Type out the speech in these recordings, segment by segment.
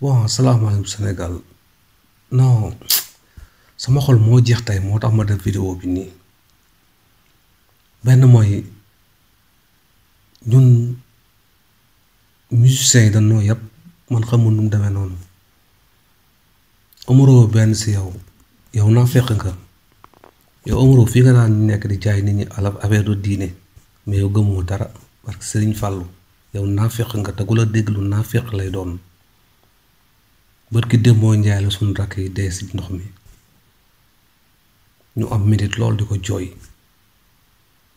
waaw salaamaaleykum Sénégal non sama xol moo jeex tey moo tax ma def vidéo bi nii benn mooy ñun musiciens yi dañoo yëpp man xamul nu mu demee noonu amuroo benn si yow yow naa fekk nga yow amuroo fii nga daan nekk di jaay nit ñi alaf affaire du diine mais yow gëmoo dara parce que Sëriñ Fàllu yow naa fekk nga te ku la déglu naa fekk lay doon bët ki démboo njaay la suñu rakk yi dee si ndox mi ñu am métit lool di ko jooy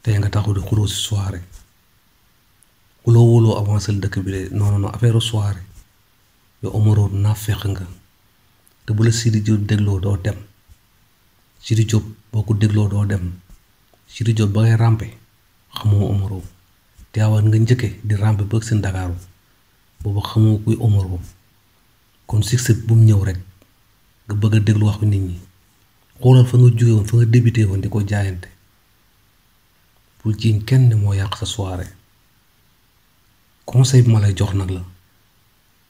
tey nga taxu di xuloo si soirée xuloo wuloo avancé dëkk bi de non non affaire soirée yow amaroo naa feq nga te bu la Sidi Diop dégloo doo dem Sidi Diop boo ko dégloo doo dem Sidi Diop ba ngay ràmpe xamoo amaroo teewaat nga njëkke di ràmpe bëgg seen Ndakaaru boobu xamoo kuy amaroo kon succès bu mu ñëw rek nga bëgg a déglu waxu nit ñi xoolal fa nga jóge woon fa nga débuté woon di ko jaayante bul jiiñ kenn moo yàq sa soirée conseil bu ma lay jox nag la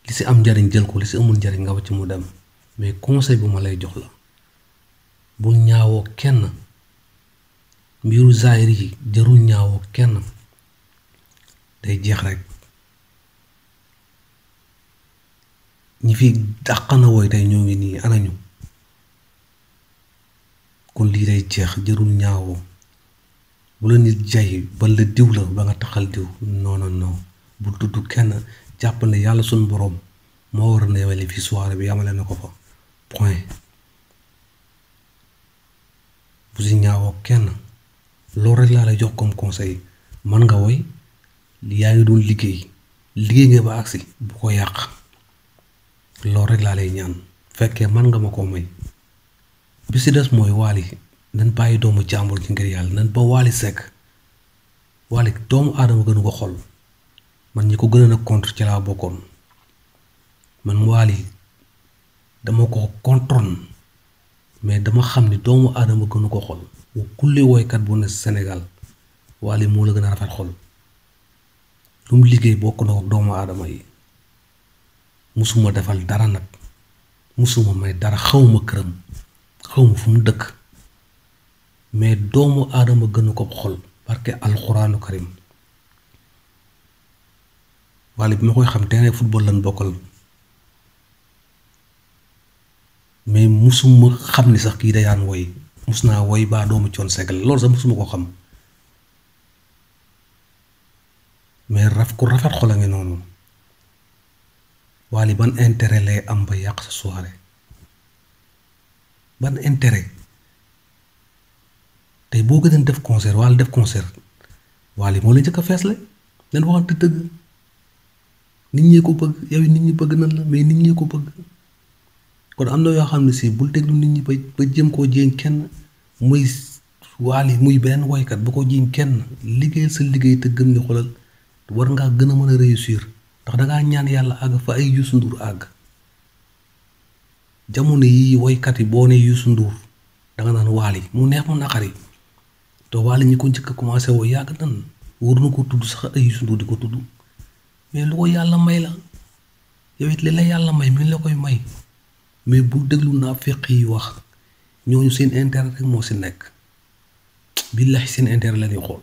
li si am njariñ jël ko li si amul njariñ nga wàcc mu dem mais conseil bu ma lay jox la bul ñaawoo kenn mbiru zaahir yi jarul ñaawoo kenn day jeex rek ñi fi dàqana woy tey ñoo ngi nii anañu kon lii day jeex jërul ñaawoo bu la nit jay ba la diw la ba nga taxal diw non non bu tudd kenn jàpp yàlla suñ boroom moo war a yemale fi soirée bi yamale na ko fa point bu si ñaawoo kenn loolu rek laa lay jox comme conseil man nga woy yaa ngi doon liggéey liggéey nga ba agsi bu ko yàq lool rek laa lay ñaan fekkee man nga ma koo may bi si des mooy waali nañ bàyyi doomu jàmbur ci ngir yàlla nañ ba waali sekk waali doomu aadama gënu ko xol man ñi ko gën a contre ci laa bokkoon man waali dama ko contrôle mais dama xam ni doomu aadama gënu ko xol bu kulli woykat bu ne Sénégal waali moo la gën a rafet xol lu liggéey bokku na ko doomu aadama yi musuma defal dara nag musuma may dara xawma këram xawma fu mu dëkk mais doomu aadama gënu ko xol barke alxuraanu karim wala bi ma koy xam terrain football lan bokkal mais musuma xam ni sax kii da yaan woy mus naa woy baa doomu coon segal loolu sax musuma ko xam mais raf ku rafet xol a ngi noonu Wally ban intérêt lay am ba yàq sa soirée ban intérêt tey boo gënoon def concert Wally def concert Wally moo la njëkk fees la leen waxante dëgg nit ñi ko bëgg yow nit ñi bëgg nan la mais nit ñi ko bëgg kon am na yoo xam ne si bul déglu nit ñi ba ba jëm koo jéem kenn muy Wally muy beneen woykat ba ko jiiñ kenn liggéey sa liggéey te gëm ni xoolal war ngaa gën a mën a réussir. ndax dangaa ñaan yàlla àgg fa ay Youssou Ndour àgg jamono yi woykat yi boo ne Youssou Ndour danga naan waali mu neex mu yi te waali ñi ko njëkk commencé woo yàgg nan wóor na ko tudd sax ay Youssou Ndour di ko tudd mais lu ko yàlla may la yow it li la yàlla may mi la koy may mais bu déglu naa feq yi wax ñooñu seen intérêt rek moo si nekk billahi seen intérêt la ñuy xool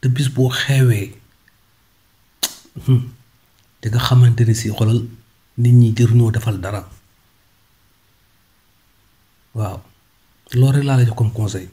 te bis boo xeewee te hmm. nga xamante ne si xolal nit ñi jër noo defal dara waaw loolu rek laa la jox comme conseil